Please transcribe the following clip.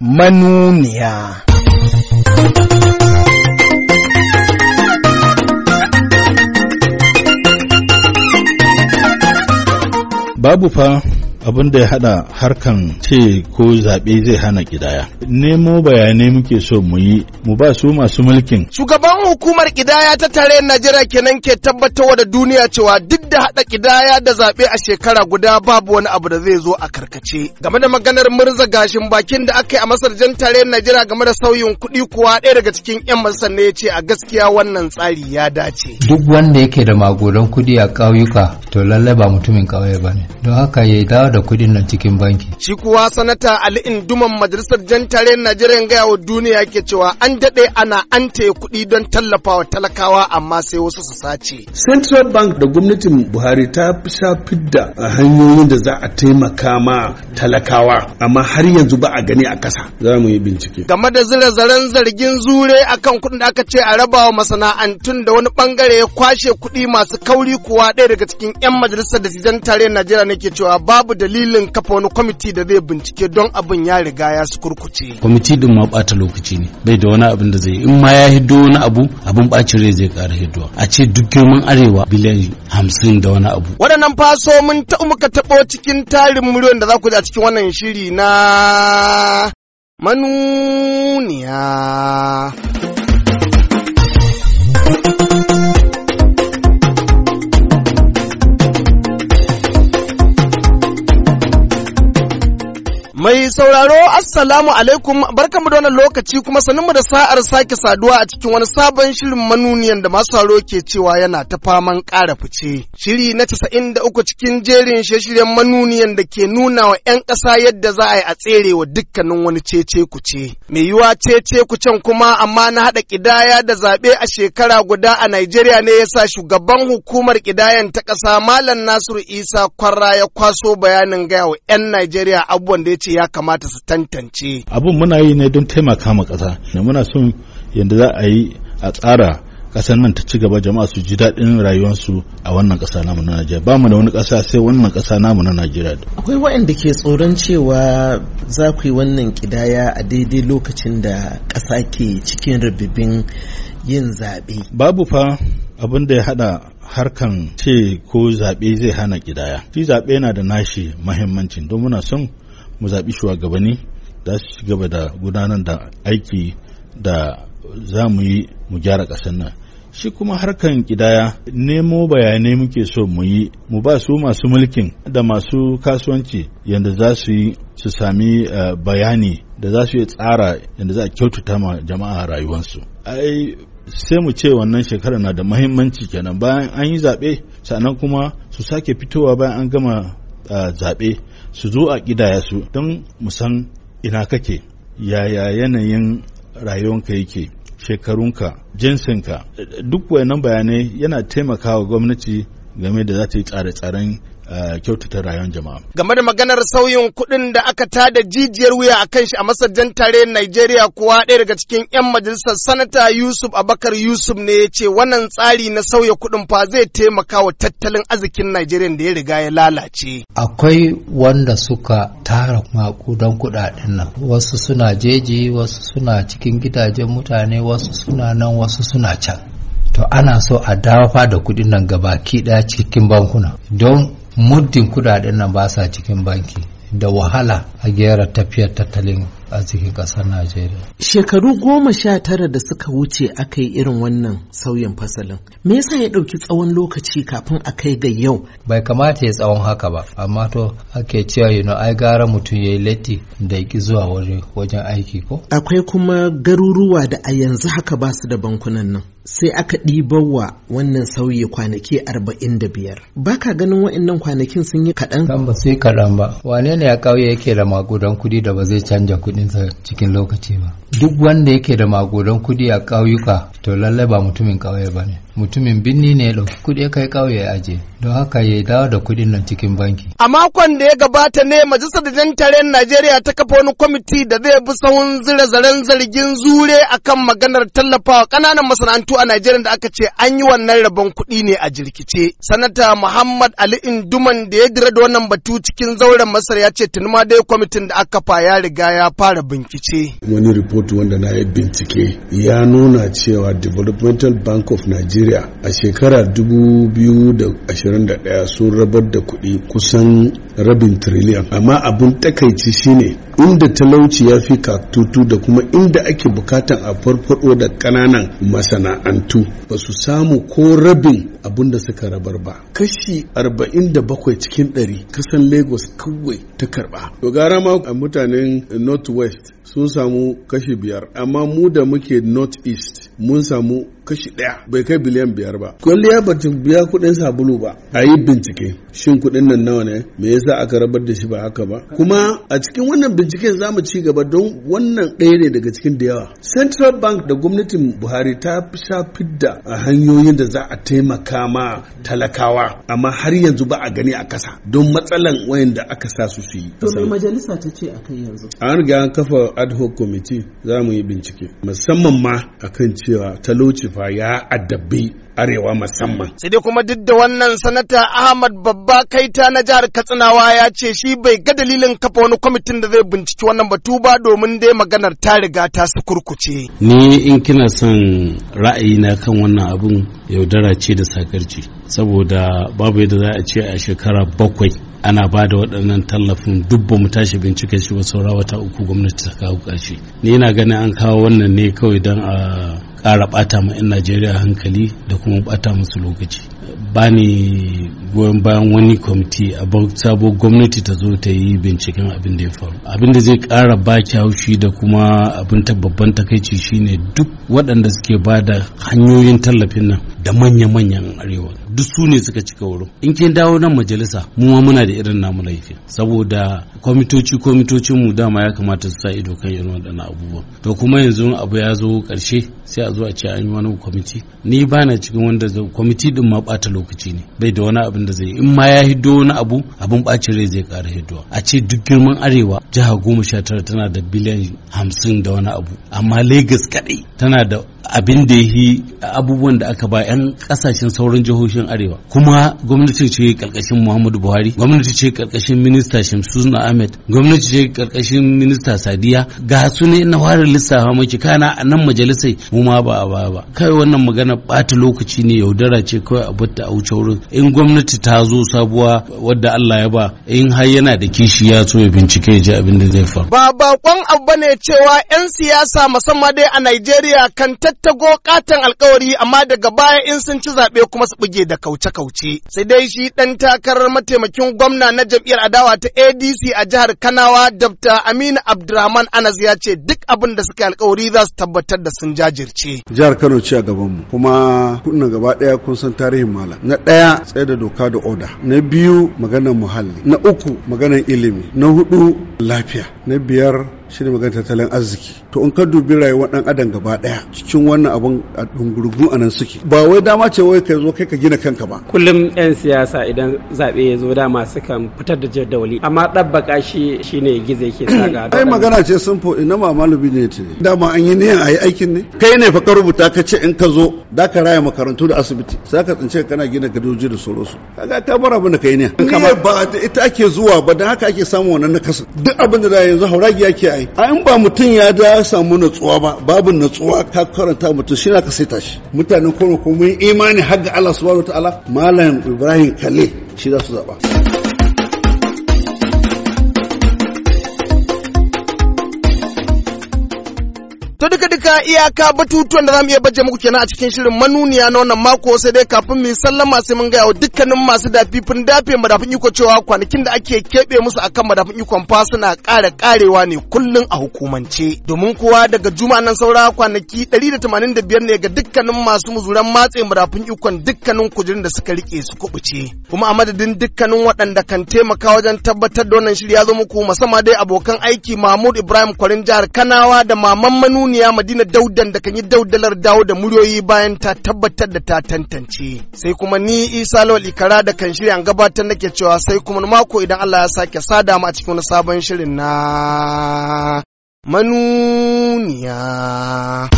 manuniya. Babu fa abin da ya hada harkan ce ko zaɓe zai hana kidaya nemo bayanai muke so mu yi mu ba su masu mulkin shugaban hukumar ƙidaya ta tare najeriya kenan ke tabbatarwa da duniya cewa duk da hada kidaya da zaɓe a shekara guda babu wani abu da zai zo a karkace game da maganar murza gashin bakin da aka yi a masar jan tare najeriya game da sauyin kuɗi kuwa ɗaya daga cikin 'yan masar ne ya ce a gaskiya wannan tsari ya dace duk wanda yake da magoran kuɗi a ƙauyuka to lallai ba mutumin ƙauye ba ne don haka ya dawo da kuɗin nan cikin banki. Shi kuwa sanata Ali Induman majalisar jan tare Najeriya gaya wa duniya ke cewa an daɗe ana an taya kuɗi don tallafawa talakawa amma sai wasu su sace. Central Bank da gwamnatin Buhari ta sha fidda hanyoyin da za a taimaka ma talakawa amma har yanzu ba a gani a ƙasa. Za mu yi bincike. Game da zira zaren zargin zure akan kuɗin da aka ce a rabawa masana'antun da wani bangare ya kwashe kuɗi masu kauri kuwa ɗaya daga cikin 'yan majalisar da tare Najeriya ne ke cewa babu dalilin kafa wani kwamiti da zai bincike don abin ya riga ya su kurkuce kwamiti din ma bata lokaci ne bai da wani abin da zai yi in ma ya hiddo wani abu abin bacin rai zai kara hiddo a ce duk girman arewa biliyan hamsin da wani abu waɗannan faso mun ta muka taɓo cikin tarin miliyon da za ku ji a cikin wannan shiri na manuniya Mai sauraro Assalamu alaikum mu da wannan lokaci kuma sanin mu da sa'ar sake saduwa a cikin wani sabon shirin manuniyan da masu sauraro ke cewa yana ta faman ƙara fice. Shiri na casa'in da uku cikin jerin shirye-shiryen manuniyan da ke nuna wa 'yan ƙasa yadda za a yi a tsere wa dukkanin wani cece kuce. Mai yiwa cece kucen kuma amma na haɗa kidaya da zaɓe a shekara guda a Najeriya ne ya sa shugaban hukumar ƙidayan ta ƙasa Malam Nasiru Isa Kwarra ya kwaso bayanin gaya wa 'yan Najeriya abubuwan da ya ce ya kamata su tantance abun muna yi ne don taimaka ma ƙasa muna son yadda za a yi a tsara kasar nan ta ci gaba jama'a su ji daɗin rayuwarsu a wannan ƙasa namu na Najeriya ba mu da wani ƙasa sai wannan ƙasa namu na Najeriya akwai waɗanda ke tsoron cewa za ku yi wannan ƙidaya a daidai lokacin da ƙasa ke cikin rabibin yin zaɓe babu fa abin da ya haɗa harkan ce ko zaɓe zai hana ƙidaya shi zaɓe yana da nashi mahimmancin don muna son mu zaɓi shugabanni za su ci gaba da gudanar da aiki da za mu yi mu gyara ƙasar nan shi kuma harkan kidaya nemo bayanai muke so mu yi mu ba su masu mulkin da masu kasuwanci yadda za su yi su sami eh, bayani da za su yi tsara yadda za a kyautata ma jama'a rayuwarsu ai sai mu ce wannan shekarar na da mahimmanci kenan bayan an yi zaɓe sannan kuma su sake fitowa bayan an gama eh, zaɓe su zo a ƙidaya su don mu san ina kake yaya yanayin rayuwanka yake shekarunka jinsinka duk wayannan bayanai yana taimakawa gwamnati game da za ta yi tsare-tsaren Eh, kyautata rayuwar jama'a. Game da maganar sauyin kuɗin da aka tada jijiyar wuya a kan shi a masajan tare Najeriya kuwa ɗaya daga cikin 'yan majalisar sanata Yusuf Abakar Yusuf ne ya ce wannan tsari na sauya kuɗin fa zai taimaka wa tattalin arzikin Najeriya da ya riga ya lalace. Akwai wanda suka tara makudan kuɗaɗen nan wasu suna jeji wasu suna cikin gidajen mutane wasu suna nan wasu suna can. To ana so a dawa da kuɗin nan gabaki ɗaya cikin bankuna don muddin kudaden nan ba sa cikin banki da wahala a gera tafiyar tattalin a cikin ƙasar Najeriya. Shekaru goma sha tara da suka wuce aka yi irin wannan sauyin fasalin. Me yasa ya ɗauki tsawon lokaci kafin a kai ga yau? Bai kamata ya tsawon haka ba, amma to ake cewa yi ai gara mutum ya yi latti da ya zuwa wajen aiki ko? Akwai kuma garuruwa da a yanzu haka ba su da bankunan nan. sai aka wa wannan sauyi kwanaki arba'in da ba ka ganin wa'annan kwanakin sun yi kaɗan? Kan ba su yi kaɗan ba wane ne ya ƙauye yake da magudan kuɗi da ba zai canja kuɗi kudinsa cikin lokaci ba duk wanda yake da magodan kuɗi a ƙauyuka to lallai ba mutumin ƙauye ba ne mutumin binni ne ya ɗauki kuɗi ya kai ƙauye ya aje don haka ya dawo da kuɗin nan cikin banki. A makon da ya gabata ne majalisar jan tarayyar Najeriya ta kafa wani kwamiti da zai bi sahun zira zaren zargin zure akan maganar tallafawa ƙananan masana'antu a Najeriya da aka ce an yi wannan rabon kudi ne a jirkice. Sanata Muhammad Ali Induman da ya dira da wannan batu cikin zauren Masar ya ce tunuma dai kwamitin da aka fa ya riga ya fa fara bincike. Wani report wanda na yi bincike ya nuna cewa Developmental Bank of Nigeria a shekara 2021 sun rabar da kuɗi kusan rabin triliyan. Amma abin takaici shine inda talauci ya fi katutu da kuma inda ake bukatan a farfado da ƙananan masana'antu ba su samu ko rabin abin da suka rabar ba kashi 47 cikin 100 kasan lagos kawai ta karba to gara ma mutanen north west sun samu kashi biyar amma mu da muke north east mun samu kashi ɗaya bai kai biliyan biyar ba kwalliya ba ta biya kuɗin sabulu ba a yi bincike shin kuɗin nan nawa ne me yasa aka rabar da shi ba haka ba kuma a cikin wannan binciken za mu ci gaba don wannan ɗaya ne daga cikin da yawa central bank da gwamnatin buhari ta sha fidda a hanyoyin da za a taimaka ma talakawa amma har yanzu ba a gani a kasa don matsalan wayanda aka sa su su yi to mai majalisa ta ce akan yanzu an riga an kafa ad hoc committee za mu yi bincike musamman ma kan ci cewa talauci fa ya addabi arewa musamman. Sai dai kuma duk da wannan sanata Ahmad Babba Kaita na jihar Katsinawa ya ce shi bai ga dalilin kafa wani kwamitin da zai binciki wannan batu ba domin dai maganar ta riga ta su kurkuce. Ni in kina son ra'ayi na kan wannan abun yaudara ce da sakarci saboda babu yadda za a ce a shekara bakwai ana ba da waɗannan tallafin dubba mu tashi bincike shi ba saura wata uku gwamnati ta kawo ƙarshe ni yana ganin an kawo wannan ne kawai don a kara bata ma 'yan najeriya hankali da kuma bata musu lokaci ba ni goyon bayan wani kwamiti a sabo gwamnati ta zo ta yi binciken abin da ya faru abin da zai kara ba haushi da kuma abin ta babban takaici shine duk waɗanda suke ba da hanyoyin tallafin nan da manya-manyan arewa duk su ne suka cika wurin in kin dawo nan majalisa mu ma muna da irin namu laifi saboda kwamitoci kwamitocin mu dama ya kamata su sa ido kan irin waɗannan abubuwan to kuma yanzu abu ya zo ƙarshe sai a a ce an yi wani kwamiti ni ba na cikin wanda kwamiti din ma bata lokaci ne bai da wani abin da zai in ma ya hiddo wani abu abin bacin rai zai kara hiddowa a ce duk girman arewa jiha goma sha tara tana da biliyan hamsin da wani abu amma lagos kadai tana da abin da yi abubuwan da aka ba 'yan kasashen sauran jihohin arewa kuma gwamnati ce karkashin muhammadu buhari gwamnati ce karkashin minista na ahmed gwamnati ce karkashin minista sadiya ga su ne na fara lissafa maki kana a nan majalisai mu ma ba ba ba kai wannan magana bata lokaci ne yaudara ce kawai a bata a wuce wurin in gwamnati ta zo sabuwa wadda allah ya ba in har yana da kishi ya so ya bincike ya ji abin da zai faru ba bakon abu ne cewa 'yan siyasa musamman dai a najeriya kan tattago katon alkawari amma daga baya in sun ci zaɓe kuma su buge da kauce-kauce. Sai dai shi ɗan takarar mataimakin gwamna na jam'iyyar adawa ta ADC a jihar Kanawa Dabta Aminu Abdurrahman Anas ya ce duk abin da suka alkawari za su tabbatar da sun jajirce. Jihar Kano ce a gabanmu kuma kuna gaba ɗaya kun san tarihin malam. Na ɗaya tsaye da doka da oda. Na biyu maganar muhalli. Na uku maganar ilimi. Na hudu lafiya. Na biyar shi ne magana tattalin arziki to in ka dubi rayuwar dan adam gaba daya cikin wannan abun a dungurgu a nan suke ba wai dama ce wai ka zo kai ka gina kanka ba kullum yan siyasa idan zabe ya zo dama sukan fitar da jadawali amma dabbaka shi shine gize yake saga ai magana ce sun ina ma malubi ne tuni dama an yi niyan ayi aikin ne kai ne fa ka rubuta ka ce in ka zo da ka raya makarantu da asibiti sai ka tsince kana gina gadoji da sauransu kaga ka bar abin da kai ne ba ita ake zuwa ba dan haka ake samun wannan nakasa duk abin da yanzu hauragiya ke yayi a in ba mutum ya da samu natsuwa ba babu natsuwa ka karanta mutum shi na ka saita shi mutanen kuma kuma imani har ga Allah subhanahu wataala malam Ibrahim Kale shi za su zaba To duka duka iyaka batutuwan da zamu iya baje muku kenan a cikin shirin manuniya na wannan mako sai dai kafin mu sallama sai mun ga yau dukkanin masu dafifin dafe madafin iko cewa kwanakin da ake kebe musu akan madafin ikon fa suna ƙara ƙarewa ne kullun a hukumance. Domin kuwa daga juma nan saura kwanaki 185 ne ga dukkanin masu muzuran matse madafin ikon dukkanin kujerun da suka rike su kubuce. Kuma a madadin dukkanin waɗanda kan taimaka wajen tabbatar da wannan shirya ya zo muku musamman dai abokan aiki Mahmud Ibrahim Kwarin jihar Kanawa da Maman Manu sarauniya Madina Daudan da kan yi daudalar dawo da muryoyi bayan ta tabbatar da ta tantance. Sai kuma ni Isa Lawal Ikara da kan shirya gabatar nake cewa sai kuma mako idan Allah ya sake sada mu a cikin wani sabon shirin na manuniya.